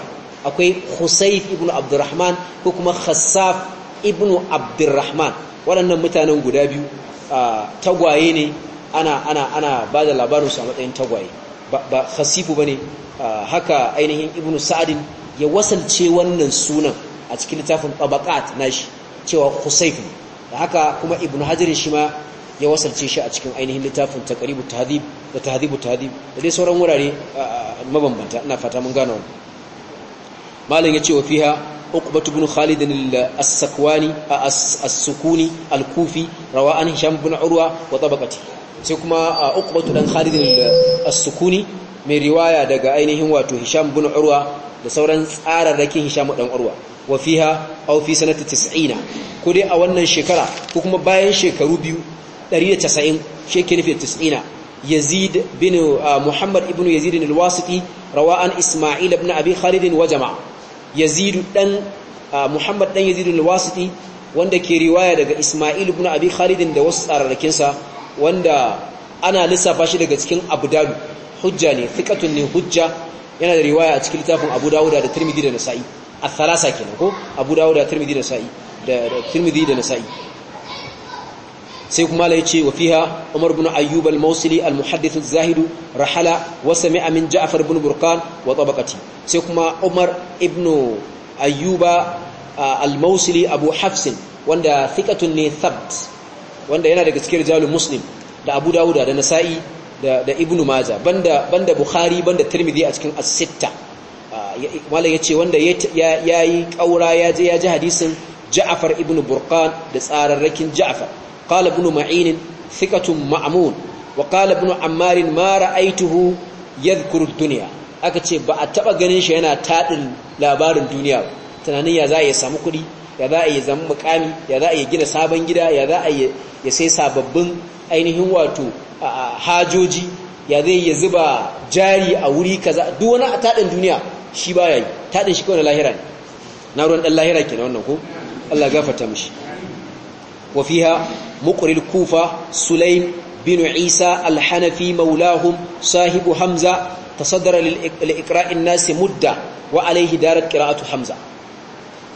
akwai Husayf ibn Abdurrahman ko kuma Khassaf ibn Abdurrahman waɗannan mutanen guda biyu tagwaye ne ana ana ana bada labarin su a matsayin tagwaye ba ba bane haka ainihin Ibn Sa'd ya wasalce wannan sunan a cikin littafin Tabaqat nashi cewa Husayf da haka kuma Ibn Hajar shi ma ya wasalce shi a cikin ainihin littafin taqribu tahdhib da tahdhibu tahdhib da dai sauran wurare mabambanta ina fata mun gane wannan malam yace wa fiha uqbatu ibn khalid as-sakwani as-sukuni al-kufi rawa an hisham ibn urwa wa tabaqati sai kuma uqbatu dan khalid as-sukuni mai riwaya daga ainihin wato hisham ibn urwa da sauran tsararrakin hisham dan urwa wa fiha aw fi sanati 90 ko dai a wannan shekara ko kuma bayan shekaru biyu 190 shekin fi 90 يزيد بن محمد ابن يزيد الواسطي رواء bin بن أبي خالد وجمع yazidu dan muhammad dan yazidu al-wasiti wanda ke riwaya daga isma'il ibn abi khalid da wasu tsararrakin sa wanda ana lissafa shi daga cikin abu dalu hujja ne thiqatun ne hujja yana da riwaya a cikin littafin abu dawuda da tirmidhi da nasa'i a thalasa kenan ko abu dawuda tirmidhi da nasa'i da tirmidhi da nasa'i sai kuma la yace wa fiha Umar ibn Ayyub al-Mawsili al-muhaddith az-zahid rahala wa sami'a min Ja'far ibn Burqan wa tabaqati sai kuma Umar ibn Ayyuba uh, al-Mawsili Abu Hafs wanda thiqatun ne thabt wanda yana daga cikin rijalul Muslim da Abu Dawud da Nasa'i da da Ibn Majah banda banda Bukhari banda Tirmidhi a cikin as-sitta uh, mallan yace wanda yayi kaura ya je ya ji hadisin Ja'far ibn Burqan da tsararrakin Ja'far قال ابن معين ثقة مأمون وقال ابن عمار ما رأيته يذكر الدنيا aka ce ba a taba ganin shi yana taɗin labarin duniya ba tunanin ya za a yi samu kuɗi ya za a yi zama mukami ya za a yi gina sabon gida ya za a yi ya sai sababbin ainihin wato hajoji ya zai ya zuba jari a wuri kaza duk wani a taɗin duniya shi baya yi taɗin shi kawai na lahira ne na ruwan dan lahira ke wannan ko Allah gafarta mishi وفيها مقر الكوفة سليم بن عيسى الحنفي مولاهم صاحب حمزة تصدر لإقراء الناس مدة وعليه دارت قراءة حمزة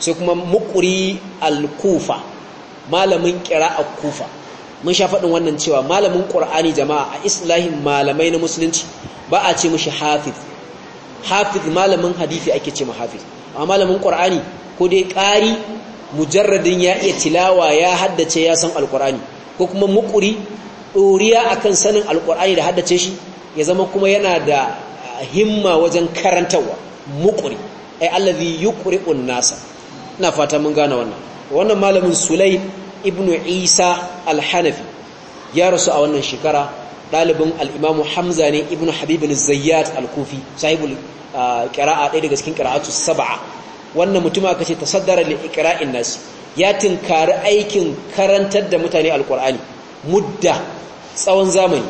سيكما مقري الكوفة ما لمن قراءة الكوفة mun sha faɗin wannan cewa malamin ƙur'ani jama'a a islahin malamai na musulunci ba a ce mashi hafiz hafiz malamin hadithi ake ce ma hafiz a malamin ƙur'ani ko dai ƙari mujarradin ya iya tilawa ya haddace ya san alkur'ani ko kuma mukuri ɗoriya akan sanin alkur'ani da haddace shi ya zama kuma yana da ah, himma wajen karantarwa mukuri ai allazi yuqri'un nasa ina fata mun gane wannan wannan malamin sulaim ibnu isa al-hanafi ya rasu a wannan shekara ɗalibin al-imamu hamza ne ibnu habib al-zayyat al-kufi sahibul ah, qira'a daga cikin qira'atu sab'a wannan mutum aka ce saddara li iqra'in nas ya tinkari aikin karantar da mutane alqur'ani mudda tsawon zamani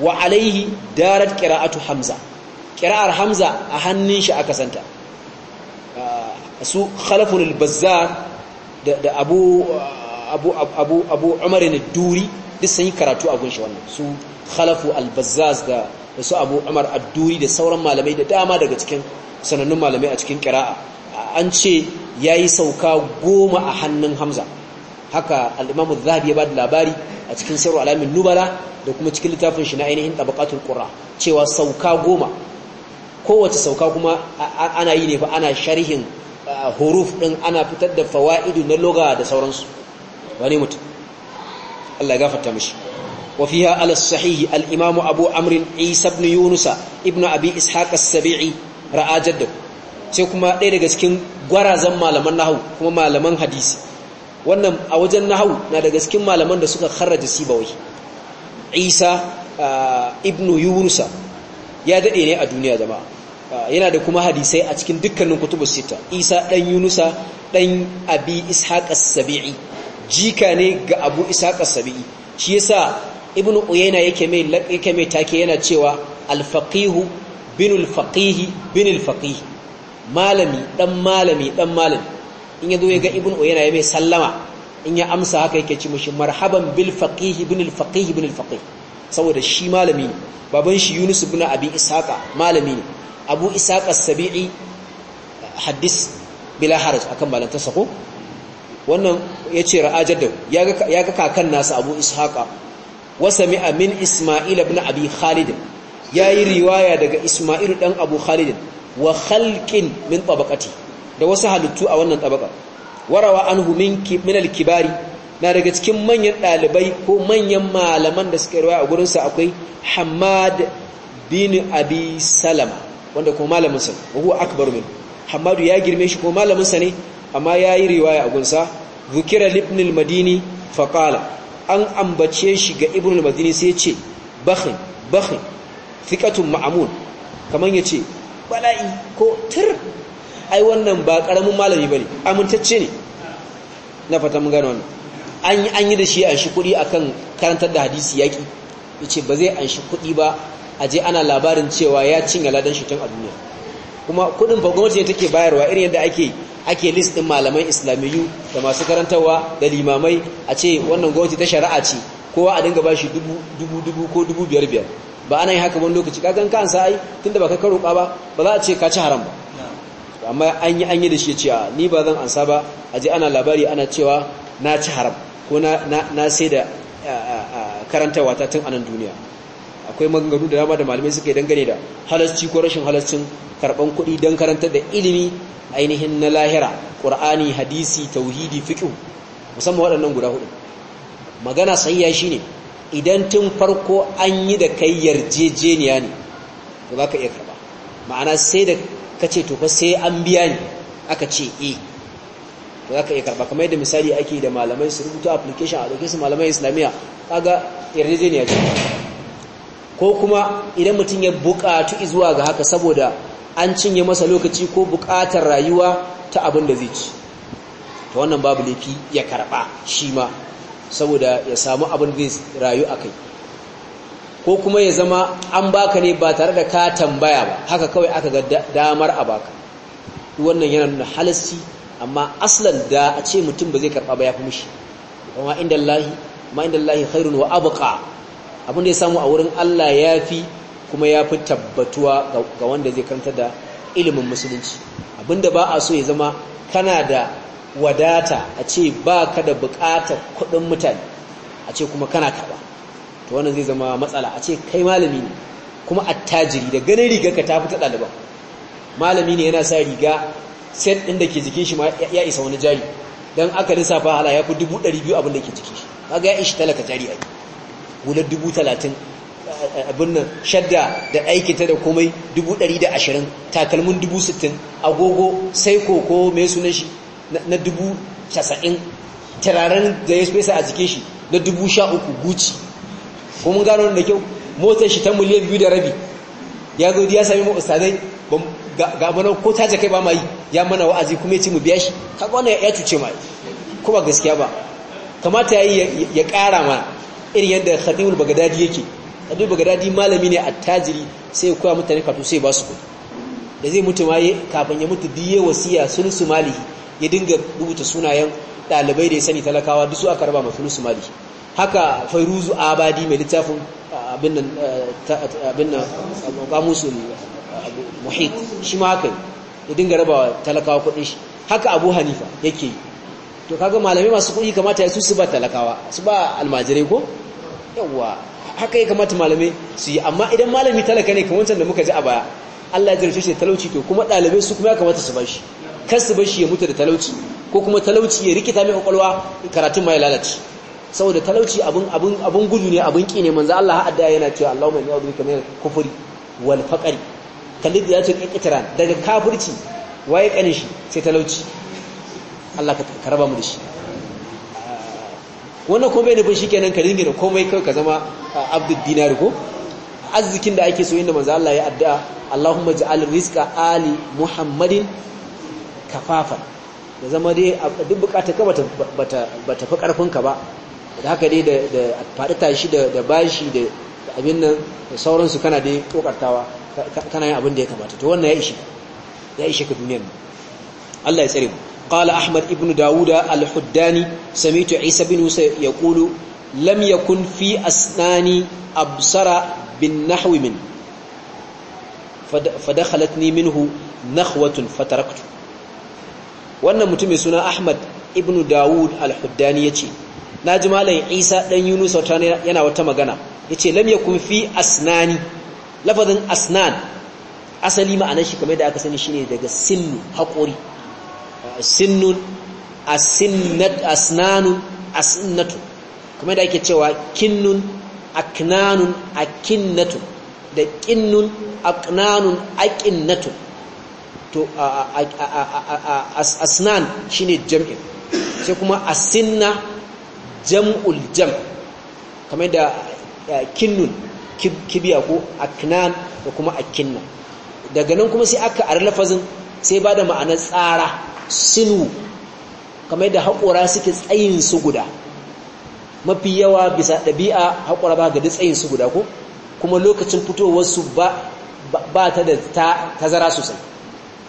wa alaihi darar qira'atu hamza kira'ar hamza a hannun shi aka santa su khalafun al da abu abu abu abu umarin duri duk sun yi karatu a gunshi wannan su khalafu al da su abu umar ad-duri da sauran malamai da dama daga cikin sanannun malamai a cikin ƙira'a. an ce ya yi sauka goma a hannun hamza haka al'imamu zahabi ya ba da labari a cikin sayarwa alamin nubala da kuma cikin littafin shi na ainihin tabakatun ƙura cewa sauka goma kowace sauka kuma ana yi ne fa ana sharhin huruf ɗin ana fitar da fawa'idu na loga da sauransu wani mutum Allah ya wafi ha وفيها sahihi الصحيح الإمام أبو عمرو عيسى بن ibn ابن أبي إسحاق السبيعي رأى جده sai kuma ɗaya daga cikin gwarazan malaman nahau kuma malaman hadisi wannan a wajen nahau na daga cikin malaman da suka kharraja sibawai isa ibnu yunusa ya daɗe ne a duniya jama'a yana da kuma hadisai a cikin dukkanin kutubus sita isa ɗan yunusa ɗan abi ishaq as-sabi'i jika ne ga abu ishaq as-sabi'i shi yasa ibnu uyaina yake mai yake mai take yana cewa al-faqihu binul faqihi binul faqihi malami dan malami dan malami in yazo ya ga ibn o yana mai sallama in ya amsa haka yake ci mushi marhaban bil faqih ibn al faqih ibn al faqih saboda shi malami ne baban shi yunus ibn abi isaqa malami ne abu isaqa sabi'i hadis bila haraj akan malan sako wannan yace ra'ajar da ya ga kakan nasa abu ishaqa wa sami'a min isma'il ibn abi khalid yayi riwaya daga isma'il dan abu khalid wa khalqin min tabaqati da wasu halittu a wannan tabaka warawa anhu min min kibari na daga cikin manyan dalibai ko manyan malaman da suka riwaya a gurin sa akwai Hammad bin Abi Salama wanda ko malamin sa huwa akbar min hamadu ya girme shi ko malamin sa ne amma yayi riwaya a gunsa zukira ibn al-Madini fa qala an ambace shi ga ibn al-Madini sai ya ce bakhin bakhin thiqatun ma'mun kaman yace bala'i ko tir ai wannan ba karamin malami bane amintacce ne na fata mun gano wannan an yi da shi an shi kuɗi akan karantar da hadisi yaki yace ba zai an shi kuɗi ba aje ana labarin cewa ya cinye ladan shi tun a duniya kuma kuɗin fa gwamnati ne take bayarwa irin yadda ake ake list din malaman islamiyu da masu karantarwa da limamai a ce wannan gwamnati ta shari'a ce kowa a dinga bashi dubu dubu dubu ko dubu biyar biyar ba ana yin haka wani lokaci kan kansa ai tunda baka ka ba ba za a ce ka ci haram ba amma an yi an yi da shi ce ni ba zan ansa ba a ji ana labari ana cewa na ci haram ko na sai da karantarwa ta tun anan duniya akwai maganganu da dama da malamai suka yi dangane da halarci ko rashin halarcin karban kuɗi don karantar da ilimi ainihin na lahira ƙur'ani hadisi tauhidi fiƙi musamman waɗannan guda hudu magana sahiya shi ne idan tun farko an yi da kai yarjejeniya ne to za ka iya karba ma'ana sai da ka ce tofa sai an biya ne aka ce e to za ka iya karba kamar yadda misali ake da malamai su rubuta application a ɗauke su malamai islamiyya kaga yarjejeniya ce ko kuma idan mutum ya bukatu zuwa ga haka saboda an cinye masa lokaci ko buƙatar rayuwa ta abin da zai ci to wannan babu laifi ya karɓa shi ma saboda ya samu abin da rayu a kai ko kuma ya zama an baka ne ba tare da ka tambaya ba haka kawai aka ga damar a baka wannan yana nuna halasci amma aslan da a ce mutum ba zai karɓa ba ya fi mushi kuma inda Allahi ma inda Allahi khairun wa abqa abin da ya samu a wurin Allah ya fi kuma ya fi tabbatuwa ga wanda zai karanta da ilimin musulunci da ba a so ya zama kana da wadata a ce ba ka da bukatar kudin mutane a ce kuma kana karba to wannan zai zama matsala a ce kai malami ne kuma attajiri da ganin riga ka tafi ta ɗaliban malami ne yana sa riga set ɗin da ke jikin shi ya isa wani jari don aka nisa fahala ya fi dubu ɗari biyu abin da ke ba kaga ya ishi talaka jari yi hular dubu talatin abin nan shadda da aikinta da komai dubu ɗari da ashirin takalmin dubu sittin agogo sai koko mai sunan shi na dubu casa'in turaren da ya spesa a jikin shi na dubu sha uku guci ko mun gano da kyau motar shi ta miliyan biyu da rabi ya zo ya sami ustazai ga mana ko ta jakai ba mai ya mana wa'azi kuma ya ci mu biya shi kaga wani ya cuce mai Kuma gaskiya ba kamata ya yi ya kara ma irin yadda Khatibul bagadadi yake Khatibul bagadadi malami ne a tajiri sai ya koya mutane fatu sai ba su kudi da zai mutu ma kafin ya mutu diye wasiya sun malihi ya dinga rubuta sunayen dalibai da ya sani talakawa duk su aka raba ma fulusu mali haka fairuzu abadi mai littafin abin nan kamusul muhit shi ma haka ya dinga raba talakawa kudin shi haka abu hanifa yake yi to kaga malamai masu kudi kamata ya su su ba talakawa su ba almajirai ko yawwa haka ya kamata malamai su yi amma idan malami talaka ne kamar wancan da muka ji a baya Allah ya jirce shi talauci to kuma dalibai su kuma ya kamata su ba shi kasu ba shi ya mutu da talauci ko kuma talauci ya rikita mai kwakwalwa karatun mai lalaci saboda talauci abin gudu ne abin ƙi ne manzo Allah da yana cewa Allahumma inni a'udhu bika min al-kufri wal faqri kalidi ya ce kikitira daga kafirci waye kanin shi sai talauci Allah ka karaba mu da shi wannan ne bai nufin shikenan ka dinga komai kai ka zama abdul dinar ko arzikin da ake so inda manzo Allah ya addu'a Allahumma ja'al rizqa ali Muhammadin kafafa da zama dai a duk bukata ka bata fi karfinka ba da haka dai da faɗi tashi da bashi da abin nan sauransu kana dai kokartawa kana yin abin da ya kamata to wannan ya ishe ya ishe ka duniyar mu Allah ya tsare mu qala ahmad ibnu dawuda al-huddani samitu isa bin ya yaqulu lam kun fi asnani absara bin nahwi min fadakhalatni minhu nakhwatun fataraktu wannan mutum mai suna ahmad ibnu dawud al-huddani ya ce na ji malam isa ɗan yunus wata yana wata magana ya ce lamya kun fi asnani lafazin asnan asali ma'anar shi kamar da aka sani shi ne daga sinu haƙori eh, asnanun kamar da ake cewa kinnun aknanun akinnatu da kinnun aknanun akinnatu to asnan shine jam'in sai kuma asinna jam'ul jam kamar da kinnun kibiya ko aknan da kuma akinna daga nan kuma sai aka ari lafazin sai bada ma'anar tsara sinu kamar da haƙora suke tsayin su guda mafi yawa bisa ɗabi'a haƙora ba ga tsayin su guda ko kuma lokacin fitowarsu ba ta da tazara sosai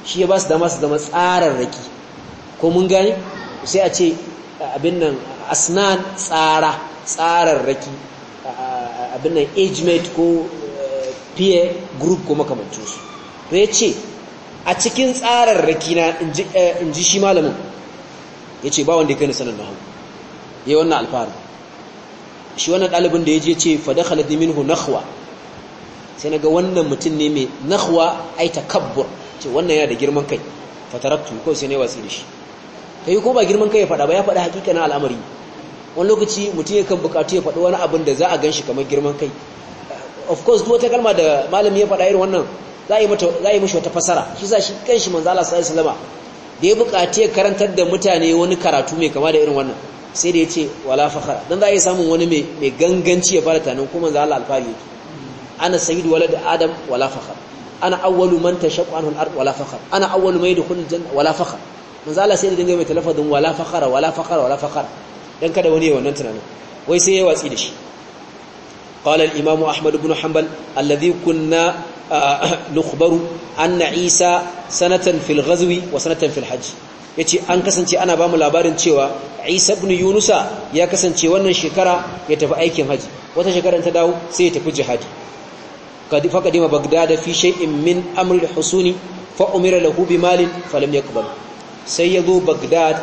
shi ya ba su dama zama tsararraki ko mun gani sai a ce abin nan asnan tsara tsararraki abin nan age mate ko eh, peer group ko su to ya ce a cikin tsararraki na eh, in ji shi malamin ya ce ba wanda ya kai sanar da hau ya yi wannan alfaharin shi wannan ɗalibin da ya je ce fada khaladi minhu nahwa sai na ga wannan mutum ne mai nahwa aita kabbur ce wannan yana da girman kai fataraktu ko sai ne watsi da shi ta yi ko ba girman kai ya faɗa ba ya faɗa na al'amari wani lokaci mutum ya kan bukatu ya faɗi wani abin da za a gan shi kamar girman kai of course duk wata kalma da malami ya faɗa irin wannan za a yi mashi wata fasara shi sa shi kan shi manzala sallallahu alaihi wasallam da ya bukatu ya karantar da mutane wani karatu mai kama da irin wannan sai da ya ce wala fakhara dan za a yi samun wani mai ganganci ya fara tanin kuma manzala alfari yake ana sayyidu walad adam wala fakhara ana awwalu man tashaqqu anhu al-ard wala fakhar ana awwalu man yadkhulu al-janna wala fakhar manzo Allah sai da dinga mai talafadin wala fakhara wala fakhara wala fakhara dan kada wani yayin wannan tunanin wai sai ya watsi da shi قال الإمام أحمد بن حنبل الذي كنا نخبر أن عيسى سنة في الغزو وسنة في الحج yace an kasance ana bamu labarin cewa Isa ibn Yunusa ya kasance wannan shekara ya tafi aikin haji wata shekara ta dawo sai ya tafi jihadi faƙadima bagdada fi shaiin min amri da husuni fa’umira da hubi malin falim ya kubal sai ya zo bagdad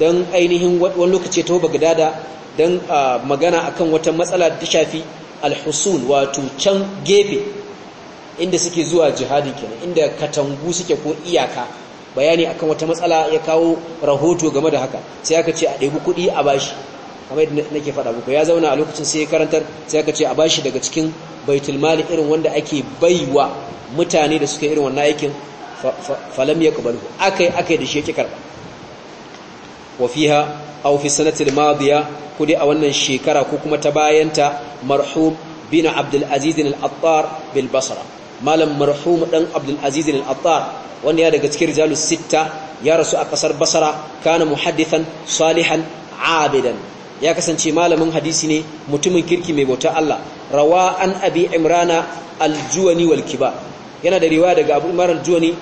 don ainihin wani lokaci ta bagdada don magana akan wata matsala da shafi alhusun wato can gefe inda suke zuwa jihadi kenan inda katangu suke ko iyaka bayani akan wata matsala ya kawo rahoto game da haka sai aka ce a ɗaibi kuɗi a bashi kamar yadda nake faɗa muku ya zauna a lokacin sai ya karantar sai aka ce a bashi daga cikin baitul mali irin wanda ake baiwa mutane da suka irin wannan aikin falam yaqbalu akai akai da shi yake karba wa fiha aw fi sanati a wannan shekara ko kuma ta bayanta marhum bin abdul aziz al-attar bil basra malam marhum dan abdul aziz al-attar wanda ya daga cikin rijalus sitta ya rasu a kasar basra kana muhaddithan salihan abidan ya kasance malamin hadisi ne mutumin kirki mai bauta Allah rawa an abi imrana aljuwani wal yana da riwaya daga abu imran aljuwani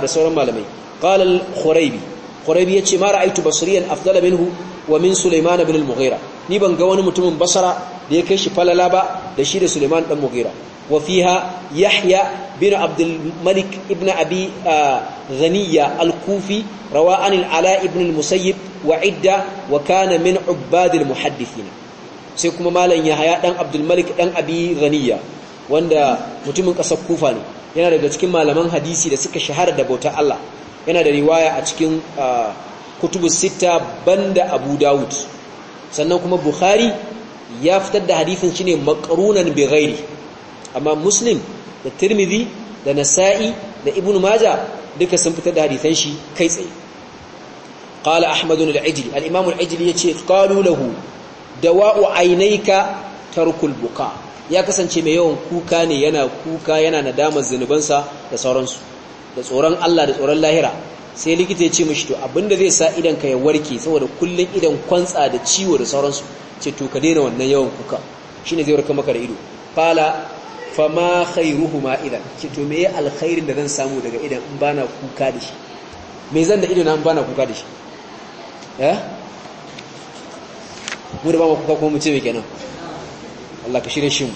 da sauran malamai qala al khuraibi khuraibi yace ma ra'aytu basriyan afdala minhu wa min sulaiman ibn al mughira ni ban ga wani mutumin basara da ya kai shi falala ba da shi da sulaiman dan mughira وفيها يحيى بن عبد الملك ابن أبي غنية الكوفي ala عن العلاء بن المسيب وعدة وكان من عباد المحدثين سيكما مالا يحيى دان عبد الملك دان أبي غنية wanda mutumin ƙasar kufa ne yana daga cikin malaman hadisi da suka shahara da bautar Allah yana da riwaya a cikin uh, kutubu sita banda abu dawud sannan kuma bukhari ya fitar da hadisin shine makarunan bi amma muslim da tirmidhi da nasa'i da ibnu maja duka sun fitar da hadisan shi kai tsaye qala ahmad al-ajli al-imam al-ajli yace qalu lahu dawa'u aynayka tarkul buka ya kasance mai yawan kuka ne yana kuka yana nadamar zinubansa da sauransu da tsoron Allah da tsoron lahira sai likita ya ce mishi to abinda zai sa idan ka ya warke saboda kullun idan kwantsa da ciwo da sauransu ce to ka daina wannan yawan kuka shine zai warka maka da ido fala fama khairuhuma idan ki to me alkhairin da zan samu daga idan in bana kuka da shi me zan da ido na in bana kuka da shi eh mu da ba mu kuka ko mu ce me kenan Allah ka shirye shi mu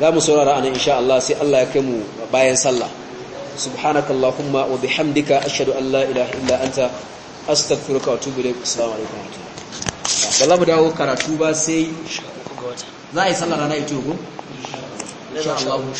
za mu saurara ana insha Allah sai Allah ya kai mu bayan sallah subhanakallahumma wa bihamdika ashhadu an la ilaha illa anta astaghfiruka wa atubu ilayk assalamu alaikum wa rahmatullahi barakatuh da mu dawo karatu ba sai za a yi sallar rana ita ko 知道吗？